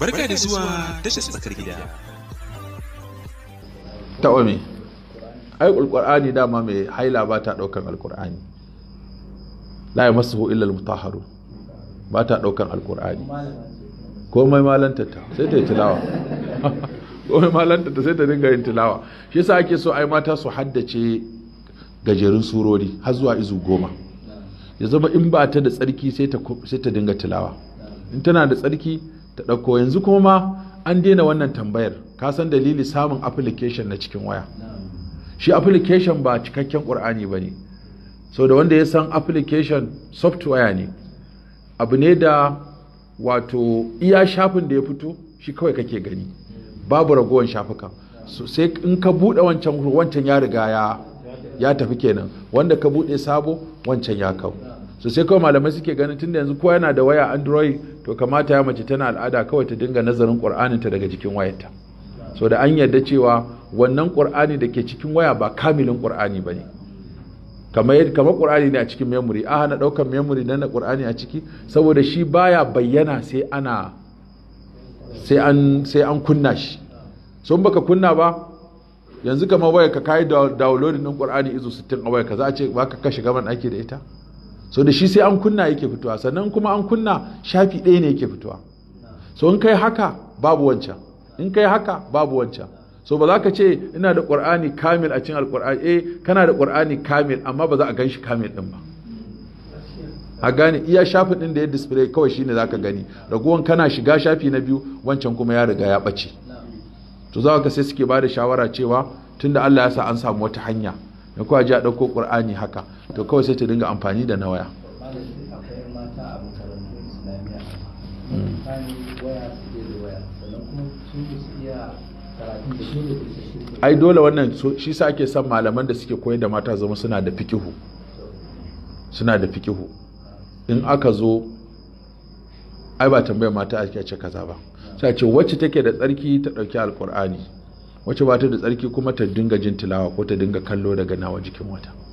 Barka da zuwa tashar tsakar gida. Taɓa Ai, Alƙur'ani dama mai haila ba ta ɗaukan Alƙur'ani. La ya masu illal mutaharu ba ta ɗaukan Alƙur'ani. Komai malanta sai ta yi tilawa. Komai malanta sai ta dinga yin tilawa. Shi yasa ake so ai mata su haddace gajerun surori har zuwa izu goma. Ya zama in ba ta da tsarki sai ta dinga tilawa. In tana da tsarki ta ɗauko yanzu kuma ma an daina wannan tambayar ka san dalili samun application na cikin waya shi application ba cikakken ƙur'ani ba ne so da wanda ya san application software ne abu ne da wato iya shafin da ya fito shi kawai kake gani babu ragowar shafuka so, sai in ka buɗe wancan ya riga ya ya tafi kenan wanda ka buɗe sabo wancan ya kawo so sai kawai malamai suke ganin tunda yanzu kowa yana da waya android to kamata ya mace tana al'ada kawai ta dinga nazarin qur'anin ta daga jikin wayarta so da an yarda cewa wannan qur'ani da ke cikin waya ba kamilin qur'ani ba ne kamar qur'ani ne a cikin memory a hana daukar memory na na qur'ani a ciki saboda shi baya bayyana sai ana sai an sai an kunna shi in baka kunna ba yanzu kamar waya ka kai downloading din qur'ani izo 60 a waya ka za a ce baka kashe gaban ake da ita so da shi sai an kunna yake fitowa sannan kuma an kunna shafi ɗaya ne yake fitowa so in kai haka babu wancan in kai haka babu wancan so ba za ka ce ina da ƙwar'ani kamil a cin alƙwar'ani eh kana da ƙur'ani kamil amma ba za a gan shi kamil ɗin ba a gane iya shafin ɗin da ya display kawai shine za ka gani raguwan kana shiga shafi na biyu wancan kuma ya riga ya ɓace to za ka sai suke ba da shawara cewa tunda Allah ya sa an samu wata hanya ya kuwa ji a ɗauko ƙwar'ani haka to kawai sai ta dinga amfani da na waya ai dole wannan shi sa ake son malaman da suke koyar da mata zama suna da fikihu suna da fikihu in aka zo ai ba tambayar mata ake ce kaza ba sai ce wacce take da tsarki ta dauki alkur'ani wacce ba ta da tsarki kuma ta dinga jin tilawa ko ta dinga kallo daga nawa jikin wata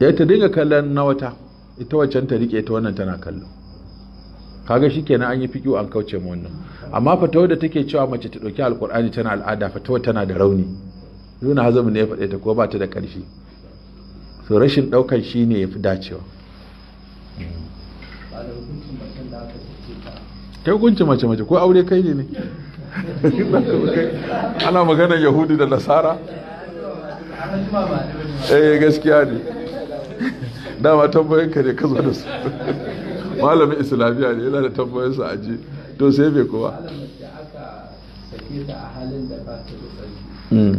ya eh. ta dinga kallon na wata ita waccan ta rike ta wannan tana kallo kaga shikenan an yi fiki an kauce mu wannan amma fatawar da take cewa mace ta dauki alkur'ani tana al'ada fatawar tana da rauni nuna hazamu ne ya faɗe ta ko ba ta da ƙarfi so rashin ɗaukan shi ne ya fi dacewa kai hukuncin mace mace ko aure kai ne ne ana maganar yahudu da nasara eh gaskiya ne dama tambayin ka ne ka zo da su malamin islamiyya ne yana da tambayin sa aji to sai bai kowa hmm.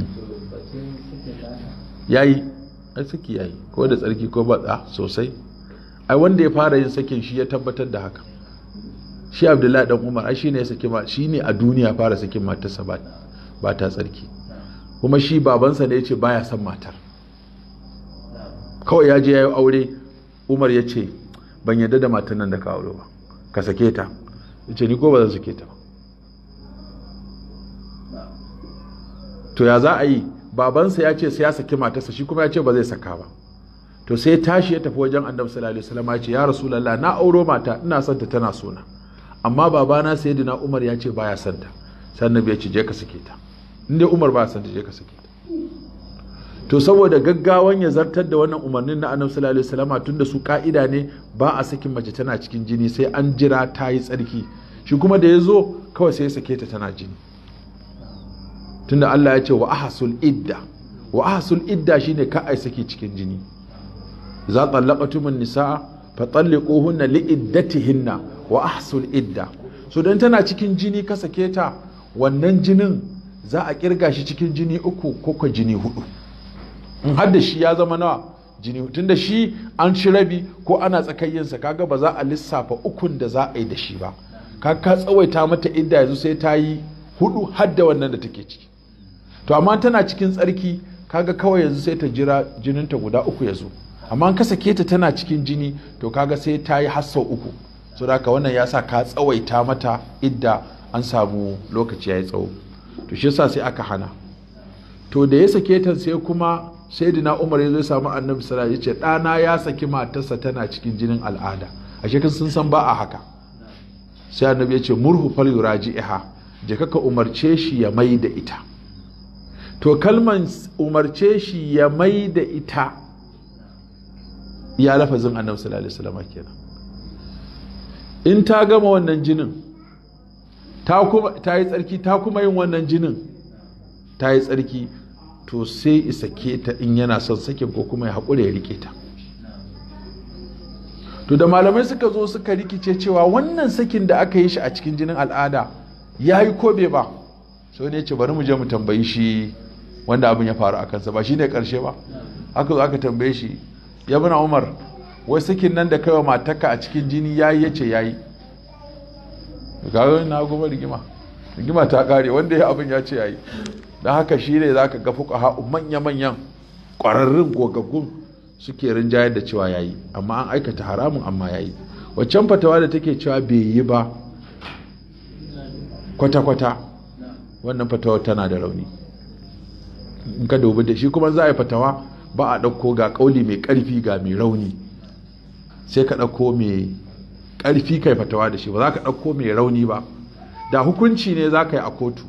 yayi ai saki yayi ko da tsarki ko ba sosai ai wanda ya fara yin sakin shi ya tabbatar da haka shi abdullahi dan umar ai shine ya saki ma shine a duniya fara sakin matarsa ba ta tsarki kuma shi babansa ne ya ce baya son matar kawai ya je ya yi aure umar ya ce ban yadda da matan nan da ka aure ba ka sake ta ya ce ni ko ba zan sake ta to ya za a yi babansa ya ce sai ya sake matarsa shi kuma ya ce ba zai saka ba to sai tashi ya tafi wajen annabi sallallahu alaihi ya ce ya rasulullah na auro mata ina son ta tana suna. amma babana sai dina umar ya ce baya son ta sannan bai ce je ka sake ta inda umar ba san je ka sake to saboda gaggawan ya zartar da wannan umarnin na annabi sallallahu alaihi wasallam tunda su ka'ida ne ba a sakin mace tana cikin jini sai an jira ta yi tsarki shi kuma da ya zo kawai sai ya sake ta tana jini tunda Allah ya ce wa ahsul idda wa ahsul idda shine ka ai saki cikin jini za tallaqatumun nisaa fa talliquhunna li iddatihinna wa ahsul idda so dan tana cikin jini ka sake ta wannan jinin za a kirga shi cikin jini uku ko jini hudu in har shi ya zama nawa jini hudu tunda shi an ci rabi ko ana tsakayyinsa kaga ba za a lissafa ukun da za a yi da shi ba ka ka tsawaita mata idda yanzu sai ta yi hudu har wannan da take ciki to amma tana cikin tsarki kaga kawai yanzu sai ta jira jininta guda uku ya zo amma ka sake ta tana cikin jini to kaga sai ta yi har sau uku saboda da wannan ya sa ka tsawaita mata idda an samu lokaci ya yi tsawo to shi sai aka hana to da ya sake ta sai kuma saidina Umar ya zo ya samu Annabi sallallahu alaihi wasallam ya ce ɗana ya saki matarsa tana cikin jinin al'ada ashe kan sun san ba a haka sai Annabi ya ce murhu fal yuraji'iha je kaka umarce shi ya mai da ita to kalman umarce shi ya mai da ita ya lafazin Annabi sallallahu alaihi wasallam kenan in ta gama wannan jinin ta yi tsarki ta kuma yin wannan jinin ta yi tsarki to sai isake ta in yana son sakin ko kuma ya haƙura ya rike ta to da malamai suka zo suka rikice cewa wannan sakin da aka yi shi a cikin jinin al'ada ya yi ko bai ba sau ne ce bari mu je mu tambayi shi wanda abin ya faru a kansa ba shi ne ƙarshe ba haka zo aka tambaye shi ya umar wai sakin nan da kaiwa mataka a cikin jini ya yi ya ce ya yi kaga na goma rigima rigima ta kare wanda ya abin ya ce yayi don haka shi ne za zaka ga fuqaha manya manyan ƙwararrun gogaggun suke rinjayar da cewa yayi amma an aikata haramun amma yayi waccan fatawa da take cewa bai yi ba kwata kwata wannan fatawa tana da rauni in ka dubi da shi kuma za a yi fatawa ba a ɗauko ga ƙauli mai ƙarfi ga mai rauni sai ka ɗauko mai ƙarfi kai fatawa da shi ba za ka ɗauko mai rauni ba da hukunci ne za ka yi a kotu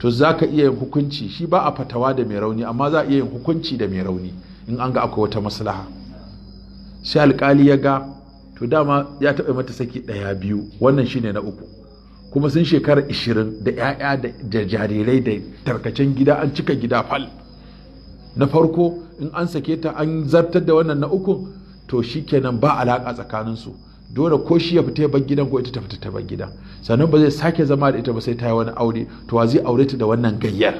to za ka iya yin hukunci shi ba a fatawa da mai rauni amma za a iya yin hukunci da mai rauni in an ga akwai wata maslaha sai alƙali ya ga to dama ya taɓa mata saki ɗaya biyu wannan shine na uku kuma sun shekara ishirin da ƴaƴa da jarirai da tarkacen gida an cika gida fal na farko in an sake ta an zartar da wannan na uku to shi shikenan ba alaƙa tsakaninsu dole ko shi ya fita ban gidan ko ita ta fita ta ban gidan sannan ba zai sake zama da ita ba sai ta yi wani aure to wa zai aure ta da wannan gayyar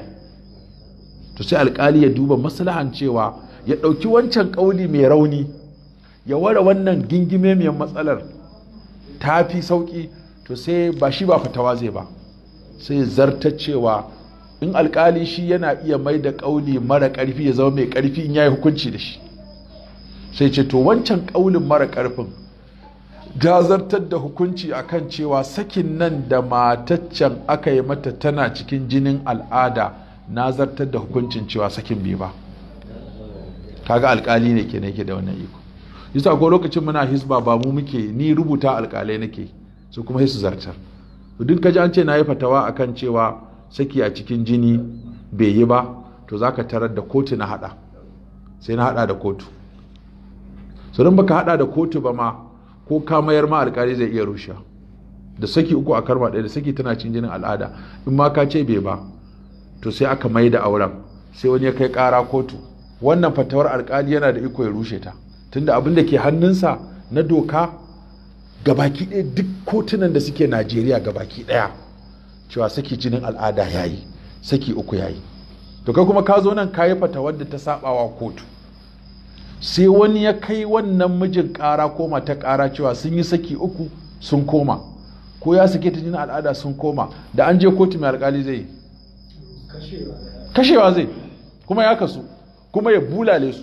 to sai alkali ya duba maslahan cewa ya ɗauki wancan ƙauli mai rauni ya ware wannan gingime mai matsalar ta fi sauƙi to sai ba shi ba fitawa zai ba sai zarta cewa in alkali shi yana iya mai da ƙauli mara ƙarfi ya zama mai ƙarfi in ya yi hukunci da shi sai ce to wancan ƙaulin mara ƙarfin jazartar da hukunci akan cewa sakin nan da mataccen aka yi mata tana cikin jinin al'ada na zartar da hukuncin cewa sakin bai ba kaga alkali ne ke nake da wannan iko yasa ko lokacin muna hisba ba mu muke ni rubuta alkalai nake su kuma hisu zartar duk kaji an ce na yi fatawa akan cewa saki a cikin jini bai yi ba to zaka tarar da kotu na hada sai na hada da kotu so baka hada da kotu ba ma ko ka mayar ma alkali zai iya rushe da saki uku a karma ɗaya da saki tana cin jinin al'ada in ma ka ce bai ba to sai aka mai da auren sai wani ya kai ƙara kotu wannan fatawar alkali yana da iko ya rushe ta tunda abin da ke hannunsa na doka gabaki ɗaya duk kotunan da suke najeriya gabaki ɗaya cewa saki jinin al'ada yayi saki uku yayi to kai kuma ka zo nan ka yi fatawar da ta saɓawa kotu sai wani ya kai wannan mijin ƙara koma ta ƙara cewa sun yi saki uku sun koma ko ya sake ta jinin al'ada sun koma da an je kotu mai alƙali zai yi kashewa zai kuma ya kasu kuma ya bulale su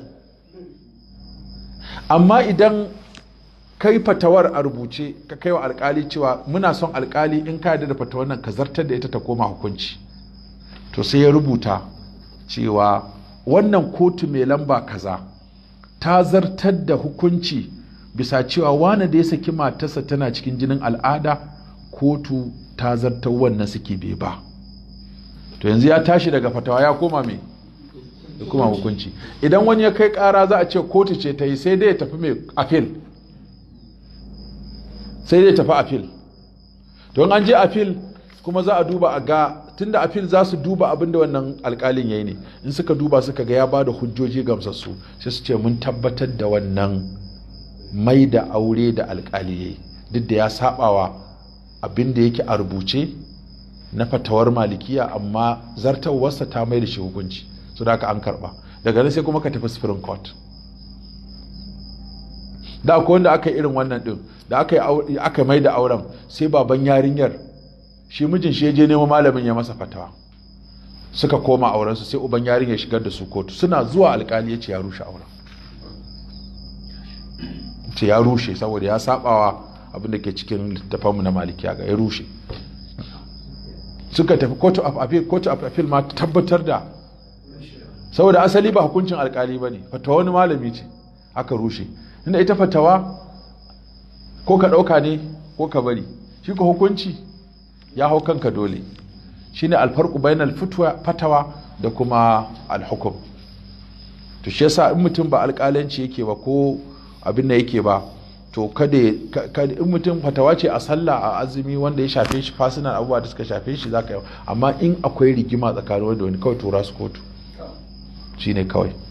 amma idan kai fatawar a rubuce ka kai wa alkali cewa muna son alkali in ka yi da fatawar nan ka zartar da ita ta koma hukunci to sai ya rubuta cewa wannan kotu mai lamba kaza ta zartar da hukunci bisa cewa wane da ya saki matarsa tana cikin jinin al'ada kotu ta zartar wannan suke bai ba to yanzu ya tashi daga fatawa ya koma mai ya kuma hukunci idan wani ya kai kara za a ce kotu ce ta yi sai dai ya tafi mai afil sai dai tafi afil don an je afil kuma za a duba a ga tunda appeal za su duba abin da wannan alkalin ya yi ne in suka duba suka ga ya ba da hujjoji gamsassu sai su ce mun tabbatar da wannan mai da aure da alkali yi duk da ya sabawa abin da yake a rubuce na fatawar malikiya amma zartawarsa ta mai da shi hukunci su da an karba daga nan sai kuma ka tafi supreme court da akwai wanda aka yi irin wannan din da aka yi mai da auren sai baban yarinyar shi mijin shi je nemo malamin ya masa fatawa suka koma auren su sai uban yarin ya shigar da su kotu suna zuwa alkali ya ce ya rushe auren ce ya rushe saboda ya sabawa abin da ke cikin littafanmu na malikiya ga ya rushe suka tafi kotu of appeal kotu of appeal ma tabbatar da saboda asali ba hukuncin alkali ba ne fatawa wani malami ce aka rushe inda ita fatawa ko ka ɗauka ne ko ka bari shi ka hukunci ya hau kanka dole shine alfarku bainal fatawa da kuma alhukum to shi yasa in mutum ba alƙalanci yake ba ko abin da yake ba to kada in mutum fatawa ce a sallah a azumi wanda ya shafe shi fasinan abubuwa da suka shafe shi zaka yi amma in akwai rigima tsakanin wanda wani kawai tura su kotu shine kawai